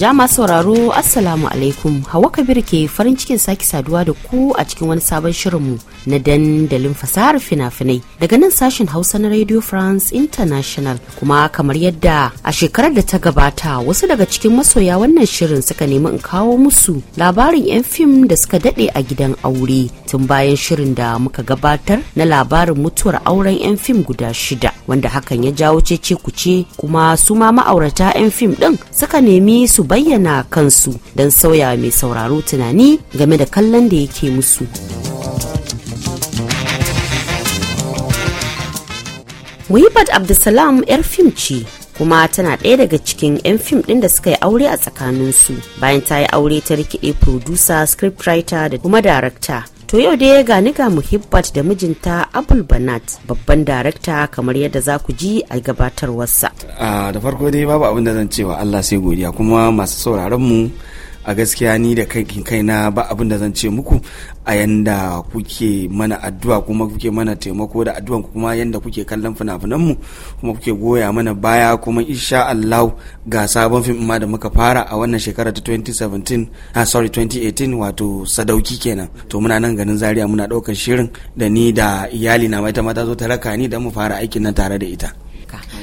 Jama sauraro Assalamu alaikum Hawa Kabir ke farin cikin sake saduwa da ku a cikin wani sabon shirinmu na dandalin fasahar fina-finai daga nan sashen Hausa na Radio France International kuma kamar yadda a shekarar da ta gabata wasu daga cikin masoya wannan shirin suka nemi in kawo musu labarin 'yan fim da suka dade a gidan aure tun bayan shirin da muka gabatar na labarin mutuwar auren 'yan fim guda shida wanda hakan ya jawo cece kuce kuma su ma ma'aurata 'yan fim ɗin suka nemi su bayyana kansu don sauya mai sauraro tunani game da kallon da yake musu. muhibat Abdulsalam 'yar fim ce kuma tana ɗaya daga cikin 'yan fim ɗin da suka yi aure a tsakaninsu bayan ta yi aure ta rikide producer scriptwriter da kuma darakta to yau dai ga ni ga muhibbat da mijinta abul banat babban darakta kamar yadda za ku ji a gabatarwarsa ah, da farko dai babu abin da zan cewa allah sai godiya kuma masu sauraron mu a gaskiya ni da kai kaina ba abin da zan ce muku a yanda kuke mana addu'a kuma kuke mana taimako da addu'an kuma yanda kuke kallon fina-finan mu kuma kuke goya mana baya kuma insha Allah ga sabon fim ma da muka fara a wannan shekara ta 2017 ah sorry 2018 wato sadauki kenan to muna nan ganin zaria muna ɗaukar shirin da ni da iyali na mai ta mata zo ta raka ni da mu fara aikin nan tare da ita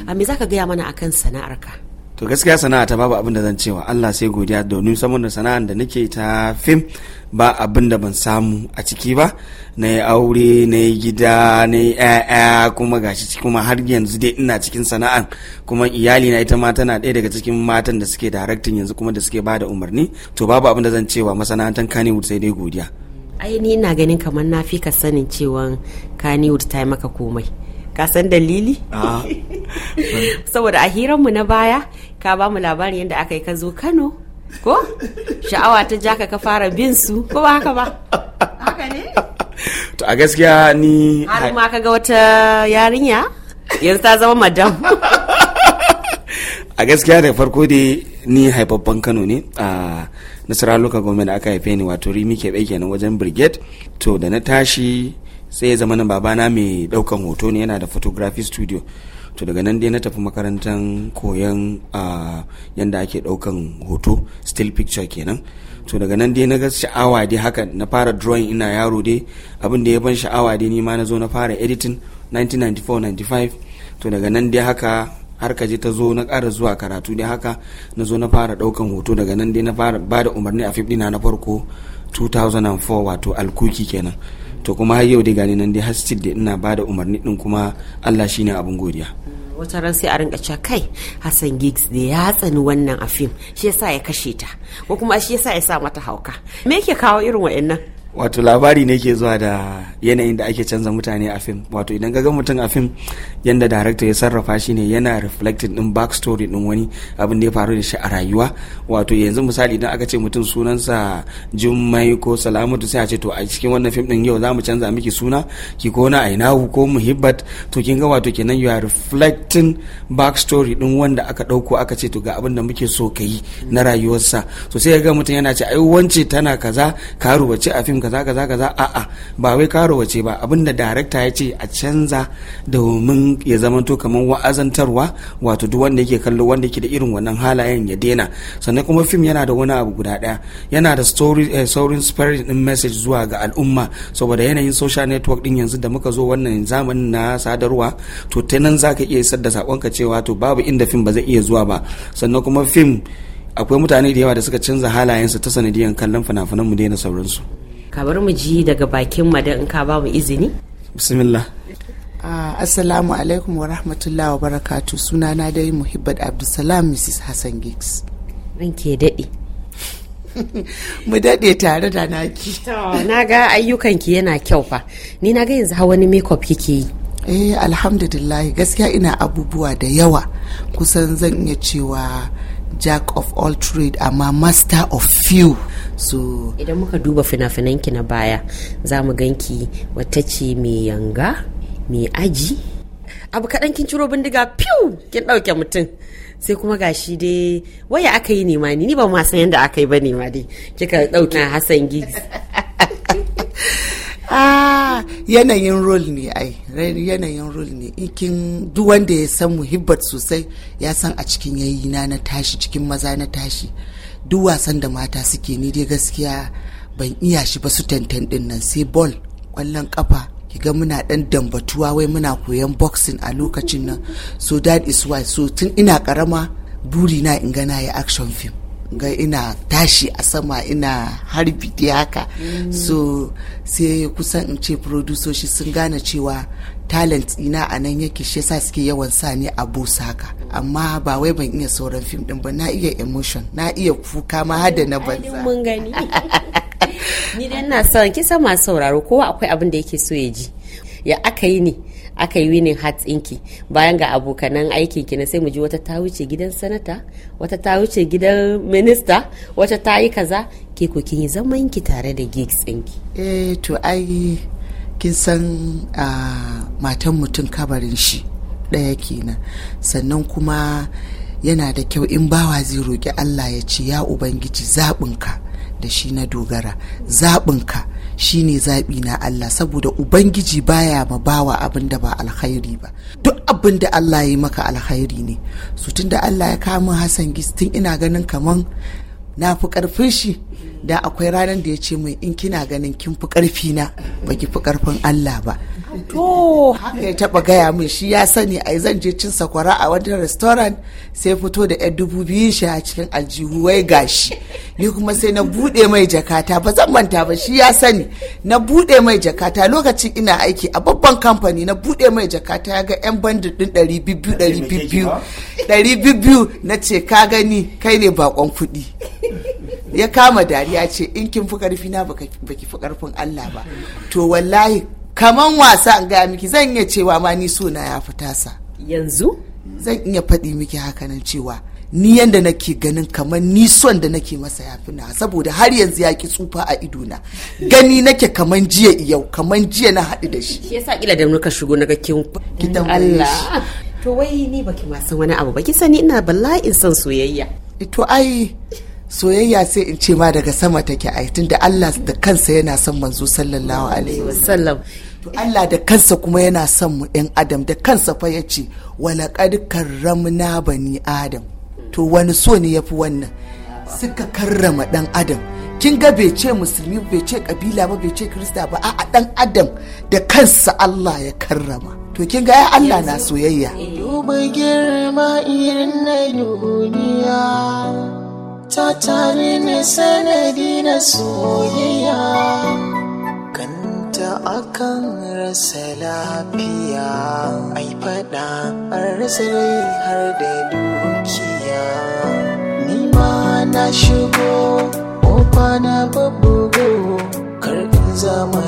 a me zaka gaya mana akan sana'arka to gaskiya sana'a ta babu abin da zan cewa Allah sai godiya domin saboda sana'ar da nake ta fim ba abin da ban samu a ciki ba na yi aure na yi gida na yi ƴaƴa kuma gashi kuma har yanzu dai ina cikin sana'an kuma iyali na ita ma tana ɗaya daga cikin matan da suke directing yanzu kuma da suke ba da umarni to babu abin da zan cewa masana'antar Kannywood sai dai godiya ai ni ina ganin kamar na fi ka sanin cewa Kannywood ta yi maka komai ka san dalili ah. saboda a hiranmu na baya ka ba mu labarin yadda aka yi ka zo kano ko sha'awa ta ja ka fara bin su ko ba haka ba haka ne to a gaskiya ni har ma ka ga wata yarinya yanzu ta zama madam a gaskiya da farko dai ni haifaffen kano ne a nasarar lokacin gwamnati aka haife ni wato rimi ke kenan wajen brigade to da na tashi sai ya zama na babana mai daukan hoto ne yana da photography studio to daga nan dai na tafi makarantar koyon yadda ake daukan hoto still picture kenan to daga nan dai na ga sha'awa dai haka na fara drawing ina yaro dai abin da ya ban sha'awa dai ni ma na zo na fara editing 1994-95 to daga nan dai haka har ka je ta zo na ƙara zuwa karatu dai haka na zo na fara daukan hoto daga nan dai na fara ba da umarni a fifdina na farko 2004 wato alkuki kenan to kuma har yau dai gani nan dai har da ina ba da umarni din kuma Allah shine abin godiya wata ran sai a rinka cewa kai Hassan Giggs da ya tsani wannan a fim shi yasa ya kashe ta ko kuma shi yasa ya sa mata hauka me yake kawo irin wa'annan wato labari ne ke zuwa da yanayin da ake canza mutane a fim wato idan ga mutum a fim yadda director ya sarrafa shi ne yana reflecting din backstory din wani abin da ya faru da shi a rayuwa wato yanzu misali idan aka ce mutum sunansa jummai ko salamatu sai a ce to a cikin wannan fim din yau za mu canza miki suna ki ko na ainahu ko muhibbat to kin ga wato kenan you are reflecting backstory din wanda aka dauko aka ce to ga abin da muke so ka na rayuwarsa to sai ga mutum yana ce ai wance tana kaza ka rubuce a fim kaza kaza kaza a'a ba wai karo wace ba abinda darekta ya ce a canza domin ya zamanto kamar wa'azantarwa wato duk wanda yake kallo wanda yake da irin wannan halayen ya daina sannan kuma fim yana da wani abu guda daya yana da story eh, saurin spirit din message zuwa ga al'umma saboda yanayin social network din yanzu da muka zo wannan zamanin na sadarwa to ta nan zaka iya isar da sakonka cewa to babu inda fim ba zai iya zuwa ba sannan kuma fim akwai mutane da yawa da suka canza halayensu ta sanadiyan kallon fina-finan mu daina sauransu ka bar mu ji daga bakin madan in ka ba mu izini bismillah ah, assalamu alaikum wa rahmatullahi wa barakatu suna na dai muhibbat abdulsalam mrs hassan gigs ke daɗe mu daɗe tare da naki na ga ayyukanki yana kyau fa ni na ga yanzu wani makeup kike yi eh alhamdulillah gaskiya ina abubuwa da yawa kusan zan iya cewa jack of all trade amma master of few so idan muka duba fina-finanki na baya za mu ganki wata ce mai yanga mai aji abu kaɗan kin ciro bindiga piu kin ɗauke mutum sai kuma gashi dai waya aka yi nema ni ba ma san yadda aka yi ba nema dai kika ɗauke hassan gigs ah yanayin rol ne ai yanayin rol ne ikin duk wanda ya san muhibbat sosai ya san a cikin yayi na na tashi cikin maza na tashi duk wasan da mata suke ni dai gaskiya ban iya shi ba su tantan din nan sai ball kwallon kafa ki ga muna dan dambatuwa wai muna koyan boxing a lokacin nan so that is why so tun ina karama buri na in ga na yi action film ga ina tashi a sama ina harbi haka mm. so sai kusan in ce produsoshi sun gane cewa talent ina a nan yake shi yasa suke yawan sa ni a busa haka amma ba wai ban iya sauran fim din ba na iya emotion na iya kuka ma har na banza mun ni dan na son kisa ma sauraro kowa akwai abin da yake so ya ji ya aka yi ne aka yi hat hatsinki bayan ga abokanan aikin ki na sai mu ji wata ta wuce gidan sanata wata ta wuce gidan minista wata ta yi kaza ke ku kin yi zaman ki tare da gigs ɗinki eh to ai kin san matan mutum kabarin shi ɗaya kenan sannan kuma yana da kyau in bawa zai roƙi Allah ya ce ya ubangiji zaɓinka da shi na dogara zaɓinka shine zaɓi na Allah saboda ubangiji baya ma bawa abin da ba alkhairi ba duk abin da Allah ya yi maka alkhairi ne su tun da Allah ya min Hassan Gis tun ina ganin kaman na fi karfin shi da akwai ranar da ya ce mai in kina ganin kin fi karfi na Ba ki fi karfin Allah ba to haka ya taba gaya min shi ya sani yi zan je cin sakwara a wata restaurant sai fito da yan dubu biyu shi a cikin aljihu wai gashi ni kuma sai na bude mai jakata ba zan manta ba shi ya sani na bude mai jakata lokacin ina aiki a babban kamfani na bude mai jakata ya ga yan bandit din ɗari biyu ɗari biyu ɗari biyu na ce ka gani kai ne bakon kuɗi ya kama dariya ce in kin fi karfi na baki fi karfin Allah ba to wallahi kaman wasa an gaya miki zan iya cewa ma ni suna ya fita sa yanzu zan iya faɗi miki hakanan cewa ni yanda nake ganin kaman ni son da nake masa ya fi na saboda har yanzu ya ki tsufa a idona gani nake kaman jiya yau kaman jiya na haɗu da shi shi yasa kila da muka shigo na kin kidan Allah to wai ni baki ma san wani abu ba ki sani ina bala'in son soyayya to ai soyayya sai in ce ma daga sama take ai tunda Allah da kansa yana son manzo sallallahu alaihi wasallam Allah da kansa kuma yana son mu ɗan adam da kansa fa yace walaqad karramna bani adam to wani so ne yafi wannan suka karrama ɗan adam kin ga bai ce musulmi bai ce kabila ba bai ce krista ba a'a ɗan adam da kansa Allah ya karrama to kin ga ya Allah na soyayya duba girma irin na duniya ta tare ne sanadi na soyayya kanta akan rasa lafiya ai fada an rasa har da dukiya ni ma na shigo ko kwana babu go kar in zama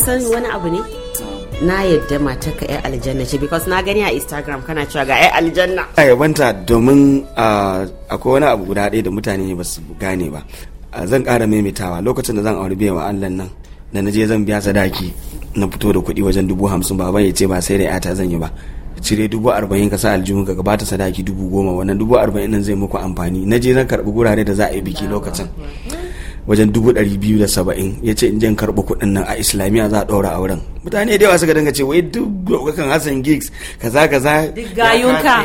san wani abu ne na yadda mata ka 'yar aljanna ce because na gani a instagram kana cewa ga 'yar aljanna a yabanta domin akwai wani abu guda ɗaya da mutane ba su gane ba zan ƙara maimaitawa lokacin da zan auri biya wa allan nan da na je zan biya sadaki na fito da kuɗi wajen dubu hamsin ba ya ce ba sai da 'yata zan yi ba cire dubu arba'in ka sa aljihun ka gabata sadaki dubu goma wannan dubu arba'in nan zai muku amfani na je zan karɓi gurare da za a yi biki lokacin wajen dubu ɗari biyu da saba'in ya ce in jan karɓi kuɗin nan a islamiyya za a ɗora auren mutane da yawa suka dinga ce wai duk ɗaukakan hassan gigs kaza kaza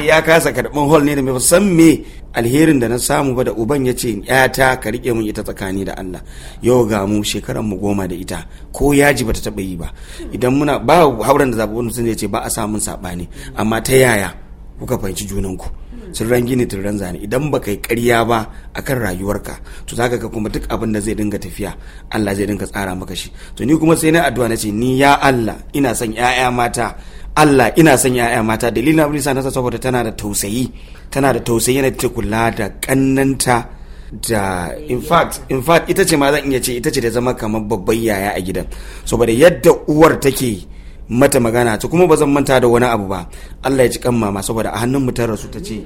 ya kasa karɓan hall ne da mai san me alherin da na samu ba da uban ya ce yata ka riƙe mun ita tsakani da allah yau ga mu shekaran mu goma da ita ko yaji bata taɓa yi ba idan muna ba hauren da zaɓi wani sun ce ba a samun saɓani amma ta yaya kuka fahimci junan ku. ran gini ran zane idan ba kai karya ba akan rayuwarka to zaka ga kuma duk abin da zai dinga tafiya Allah zai dinga tsara maka shi to ni kuma sai na addu'a na ce ni ya Allah ina son ƴaƴa mata Allah ina son 'ya'ya mata dalilin abin sa nasa saboda tana da tausayi tana da tausayi yana ta kula da kannanta da in fact in fact ita ce ma zan iya ce ita ce da zama kamar babban yaya a gidan saboda yadda uwar take mata magana ta kuma ba zan manta da wani abu ba Allah ya ji kan mama saboda a hannun mutar rasu ta ce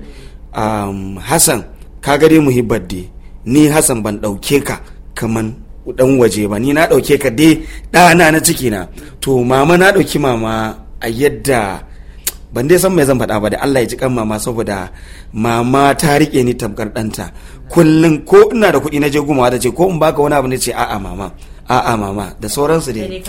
Hassan ka gare mu hibbadde ni Hassan ban ɗauke ka kaman dan waje ba ni na dauke ka dai ɗana na ciki na to mama na dauki mama a yadda ban dai san mai zan faɗa ba da Allah ya ji kan mama saboda mama ta rike ni tamkar ɗanta kullum ko ina da kuɗi na je gumawa da ce ko in baka wani abu ne ce a'a mama a'a mama da sauransu dai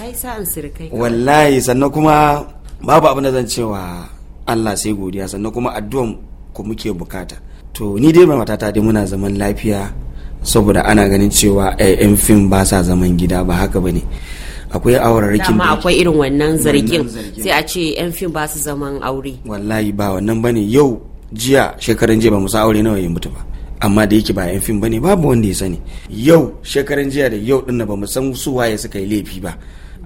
wallahi sannan kuma babu abin da zan cewa Allah sai godiya sannan kuma addu'an ku muke bukata to ni dai matata dai muna zaman lafiya saboda ana ganin cewa ayyan eh, fim ba sa zaman gida ba haka ba ne akwai aurarikin da akwai irin wannan zargin sai a ce yan fim ba su zaman aure wallahi ba wannan ba ne yau jiya shekaran jiya ba mu san aure nawa ya mutu ba amma da yake ba yan fim bane babu wanda ya sani yau shekaran jiya da yau din ba mu san su waye suka yi laifi ba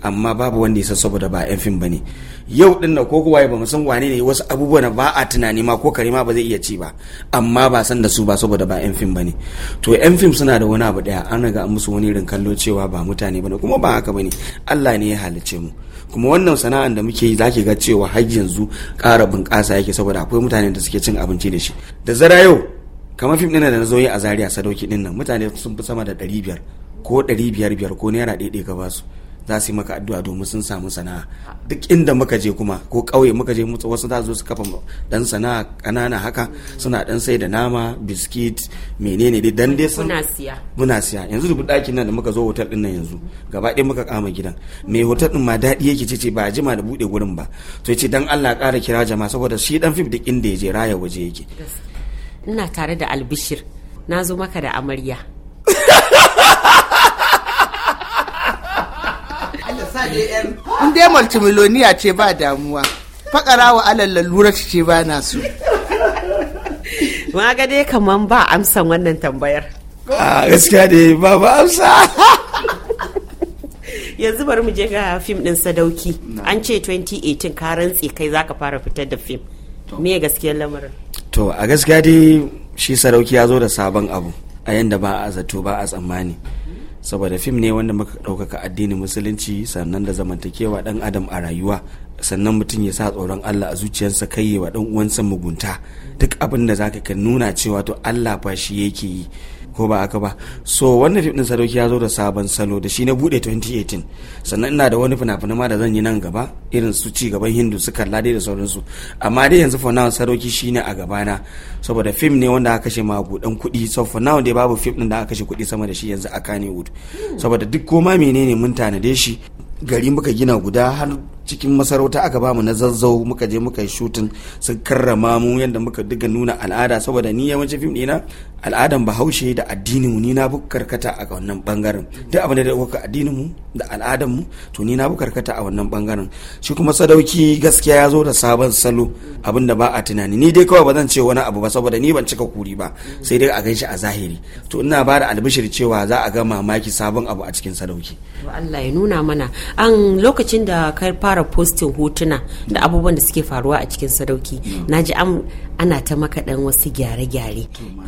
amma babu wanda ya san saboda ba yan fim bane yau din ko kuwa ba mu san wane ne wasu abubuwa na ba a tunani ma ko kare ma ba zai iya ci ba amma ba san da su ba saboda ba yan fim bane to yan fim suna da wani abu daya an riga an musu wani rin kallo cewa ba mutane bane kuma ba haka bane Allah ne ya halice mu kuma wannan sana'an da muke yi zaki ga cewa har yanzu ƙara bunƙasa yake saboda akwai mutanen da suke cin abinci da shi da zara yau kamar fim ɗin da na zo yi a zaria sadauki ɗin nan mutane sun fi sama da ɗari biyar ko ɗari biyar biyar ko naira ɗaiɗai ka su za su yi maka addu'a domin sun samu sana'a duk inda muka je kuma ko ƙauye muka je wasu za su zo su kafa dan sana'a ƙanana haka suna dan sai da nama biskit menene dai dan dai sun muna siya yanzu dubu ɗakin nan da muka zo hotel ɗin nan yanzu gaba ɗaya muka kama gidan mai hotel ɗin ma daɗi yake ce ba a jima da buɗe gurin ba to ya ce dan Allah ƙara kira jama'a saboda shi dan fim duk inda ya je raya waje yake ina tare da albishir na zo maka da amarya in dai multimiloniya ce ba damuwa fakara wa alal lalura ce ba na so ma ga dai ba amsan wannan tambayar a gaskiya ne ba ba amsa yanzu bari mu je ga fim din sadauki an ce 2018 ka rantse kai zaka fara fitar da fim me gaskiyar lamarin to a gaskiya dai shi sarauki ya zo da sabon abu a yanda ba a zato ba a tsammani saboda fim ne wanda muka ɗaukaka addinin musulunci sannan da zamantakewa ɗan adam a rayuwa sannan mutum ya sa tsoron Allah a zuciyarsa kai wa ɗan uwansa mugunta duk abin da zaka ka nuna cewa to Allah fa shi yake yi ko ba aka ba so wannan fim din sadauki ya zo da sabon salo da shi na bude 2018 sannan ina da wani fina-fina ma da zan yi nan gaba irin su ci gaban hindu su kalla dai da sauransu amma dai yanzu for now sadauki ne a gaba na saboda fim ne wanda aka kashe ma budan kuɗi so for now dai babu fim din da aka kashe kuɗi sama da shi yanzu a kanewood saboda duk koma menene mun tanade shi gari muka gina guda har cikin masarauta aka bamu na zazzau muka je muka yi shooting sun karrama mu yadda muka duka nuna al'ada saboda ni yawancin fim ɗina al'adan bahaushe da addinin mu ni na bu karkata a wannan bangaren duk abin da kuka addinin mu da al'adan mu to ni na bu karkata a wannan bangaren shi kuma sadauki gaskiya ya zo da sabon salo abin da ba a tunani ni dai kawai ba zan ce wani abu ba saboda ni ban cika kuri ba sai dai a gan shi a zahiri to ina ba da albishir cewa za a ga mamaki sabon abu a cikin sadauki Allah ya nuna mana an lokacin da ka fara postin hotuna da abubuwan da suke faruwa a cikin sadauki mm. na ji ana ta dan wasu gyare-gyare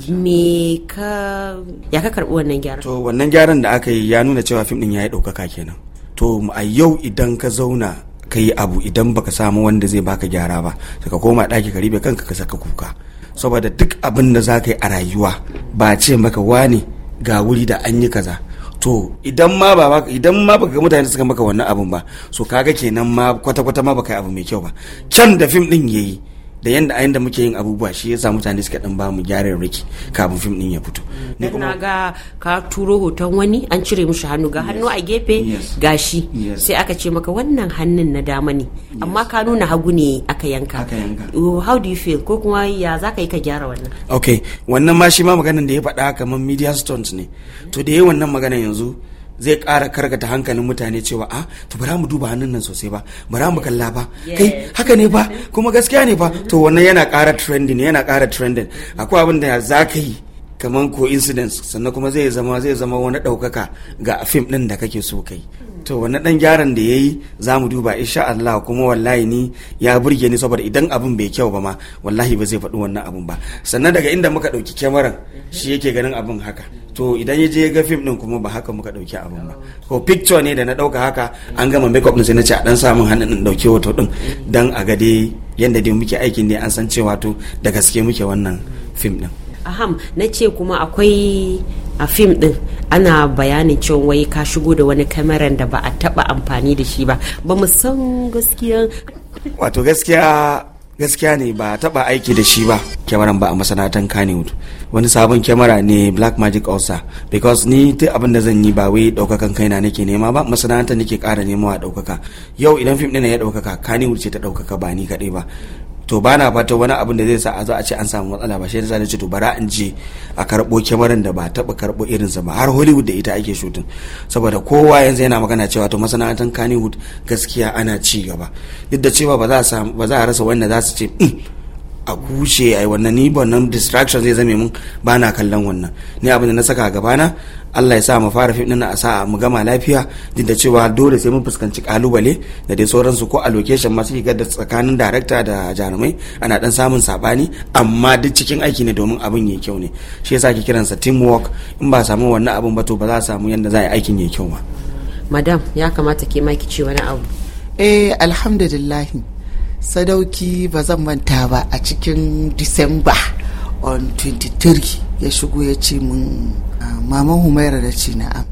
me ka ya ka karɓi wannan gyaran to wannan gyaran da aka yi ya nuna cewa fim din ya yi kenan to a yau idan ka zauna ka yi abu idan baka samu wanda zai baka gyara ba ka koma ɗaki ka ribe kanka ka saka kuka saboda duk abin da za ka yi a rayuwa ba ce maka wani ga wuri da an yi kaza to idan ma ba idan ma baka ga mutane suka maka wannan abun ba so kaga kenan ma kwata kwata ma baka yi abu mai kyau ba can da fim din yayi da yanda a muke yin abubuwa shi yasa mutane suka dan bamu gyaran riki kafin fim din ya fito mm, ne kuma ga ka turo hoton wani an cire mishi hannu ga hannu a gefe gashi sai aka ce maka wannan hannun na dama ne amma ka nuna hagu ne aka yanka Aka oh, how do you feel ko kuma ya za yi ka gyara wannan okay wannan ma shi ma maganan da ya faɗa kamar media stones ne to da yayi wannan maganan yanzu zai kara karkata hankalin mutane cewa a ah, to bara mu duba hannun nan sosai ba bara mu kalla ba kai haka ne ba kuma gaskiya ne ba to wannan yana kara trending yana kara trending akwai abin da za ka yi kamar coincidence sannan kuma zai zama zai zama wani ɗaukaka ga fim ɗin da kake so kai to wani dan gyaran da ya yi za mu duba insha Allah kuma wallahi ni ya burge ni saboda idan abin bai kyau ba ma wallahi ba zai faɗi wannan abin ba sannan daga inda muka ɗauki kyamaran shi yake ganin abin haka to idan ya je ya ga fim din kuma ba haka muka ɗauki abin ba ko picture ne da na ɗauka haka an gama makeup din sai na ce a dan samun hannun in ɗauki hoto ɗin dan a ga dai dai muke aikin ne an san cewa to da gaske muke wannan fim ɗin aham na ce kuma akwai a fim din ana bayanin cewa wai ka shigo da wani kamaran da ba a taba amfani da shi ba ba mu san gaskiya wato gaskiya gaskiya ne ba a taba aiki da shi ba kyamaran ba a masana'antar kanewood wani sabon kyamara ne black magic ulcer because ni duk abin da zan yi ba wai daukakan kaina nake nema ba masana'antar nake kara nema a daukaka yau idan fim ɗin ya daukaka kanewood ce ta daukaka ba ni kaɗai ba to ba na fata wani abin da zai sa a zo a ce an samu matsala ba shi yasa na ce to bara in je a karbo kyamarin da ba taɓa karɓo irin sa ba har hollywood da ita ake shutin saboda kowa yanzu yana magana cewa to masana'antar kannywood gaskiya ana ci gaba duk da cewa ba za a rasa wanda za su ce hmm, a kushe ai wannan ni wannan distraction zai zame mun ba na kallon wannan ni abin da na saka a gabana Allah ya sa mu fara fim na a sa mu gama lafiya duk da cewa dole sai mun fuskanci kalubale da dai sauransu ko a location masu shiga da tsakanin director da jarumai ana dan samun sabani amma duk cikin aiki ne domin abin yayi kyau ne shi yasa ke kiransa teamwork in ba samu wannan abin ba to ba za a samu yanda za a yi aikin yayi kyau ba madam ya kamata ke ma ki ce wani abu eh alhamdulillah sadauki ba zan manta ba a cikin disamba on 23 ya shigo ya ce min ah, maman humaira da ce na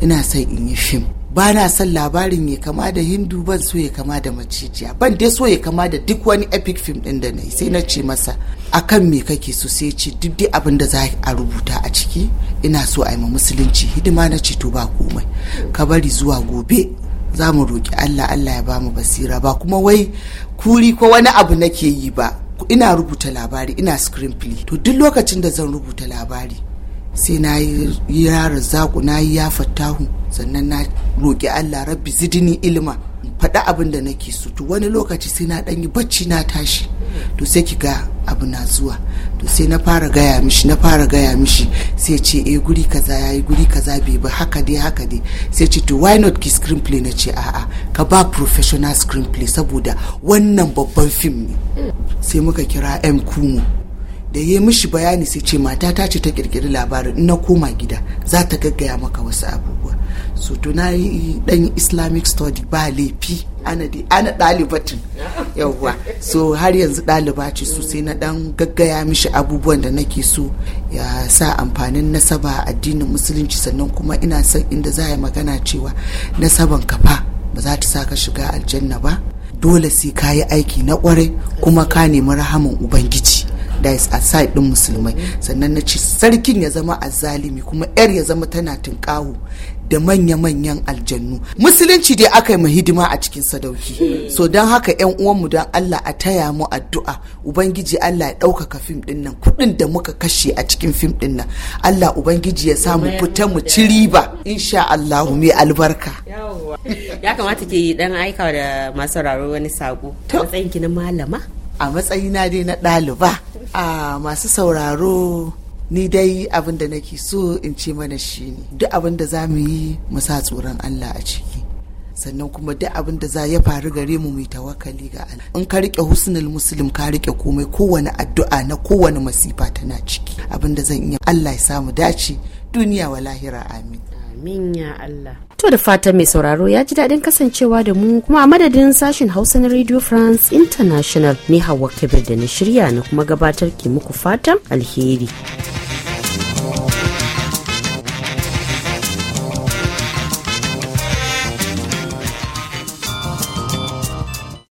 ina son in yi fim ba na son labarin ya kama da hindu ban so ya kama da macijiya ban dai so ya kama da duk wani epic film din da na yi sai na ce masa akan me kake so sai ce duk dai abin da za a rubuta a ciki ina so a yi ma musulunci hidima na ce to ba komai ka bari zuwa gobe za mu roƙi Allah Allah ya bamu basira ba kuma wai kuri ko wani abu nake yi ba ina rubuta labari ina screenplay to duk lokacin da zan rubuta labari sai na yi yara zaku na yi ya fattahu sannan na roƙi Allah rabbi zidini ilima. Faɗi abin da nake so to wani lokaci sai na ɗan yi bacci na tashi to sai ki ga abu na zuwa to sai na fara gaya mishi na fara gaya mishi sai ce eh guri kaza yayi guri kaza bai ba haka dai haka dai sai ce to why not ki screenplay na ce a'a ka ba professional screenplay saboda wannan babban fim ne sai muka kira M Kumu da ya mishi bayani sai ce mata ta ce ta kirkiri labarin na koma gida za ta gaggaya maka wasu abubuwa so to dan islamic study ba laifi ana dai ana ɗalibatin yawwa so har yanzu ɗaliba ce so sai na dan gaggaya mishi abubuwan da nake so ya sa amfanin nasaba addinin musulunci sannan kuma ina son inda za a yi magana cewa nasaban kafa ba za ta sa ka shiga aljanna ba dole sai ka yi aiki na kwarai kuma ka nemi rahaman ubangiji da is din musulmai sannan na ce sarkin ya zama azalimi kuma yar ya zama tana tunkahu da manya-manyan aljannu musulunci dai aka yi hidima a cikin sadauki so don haka yan uwanmu don allah a taya mu addu'a ubangiji allah ya ɗaukaka fim ɗin nan kuɗin da muka kashe a cikin fim ɗin nan allah ubangiji ya samu fita mu ci riba insha allahu mai albarka ya kamata ke dan aika da masu sauraro wani sako matsayin na malama a matsayina dai na ɗaliba a masu sauraro ni dai abin da nake so in ce mana shi ne duk abin da za mu yi mu sa tsoron Allah a ciki sannan kuma duk abin da za ya faru gare mu mu tawakali ga Allah in ka rike husnul muslim ka rike komai kowane addu'a na kowane masifa tana ciki abin da zan iya Allah ya samu dace duniya wa lahira amin amin ya Allah to da fatan mai sauraro ya ji daɗin kasancewa da mu kuma a madadin sashen hausa na radio france international ne hawa kabir da na shirya na kuma gabatar ke muku fatan alheri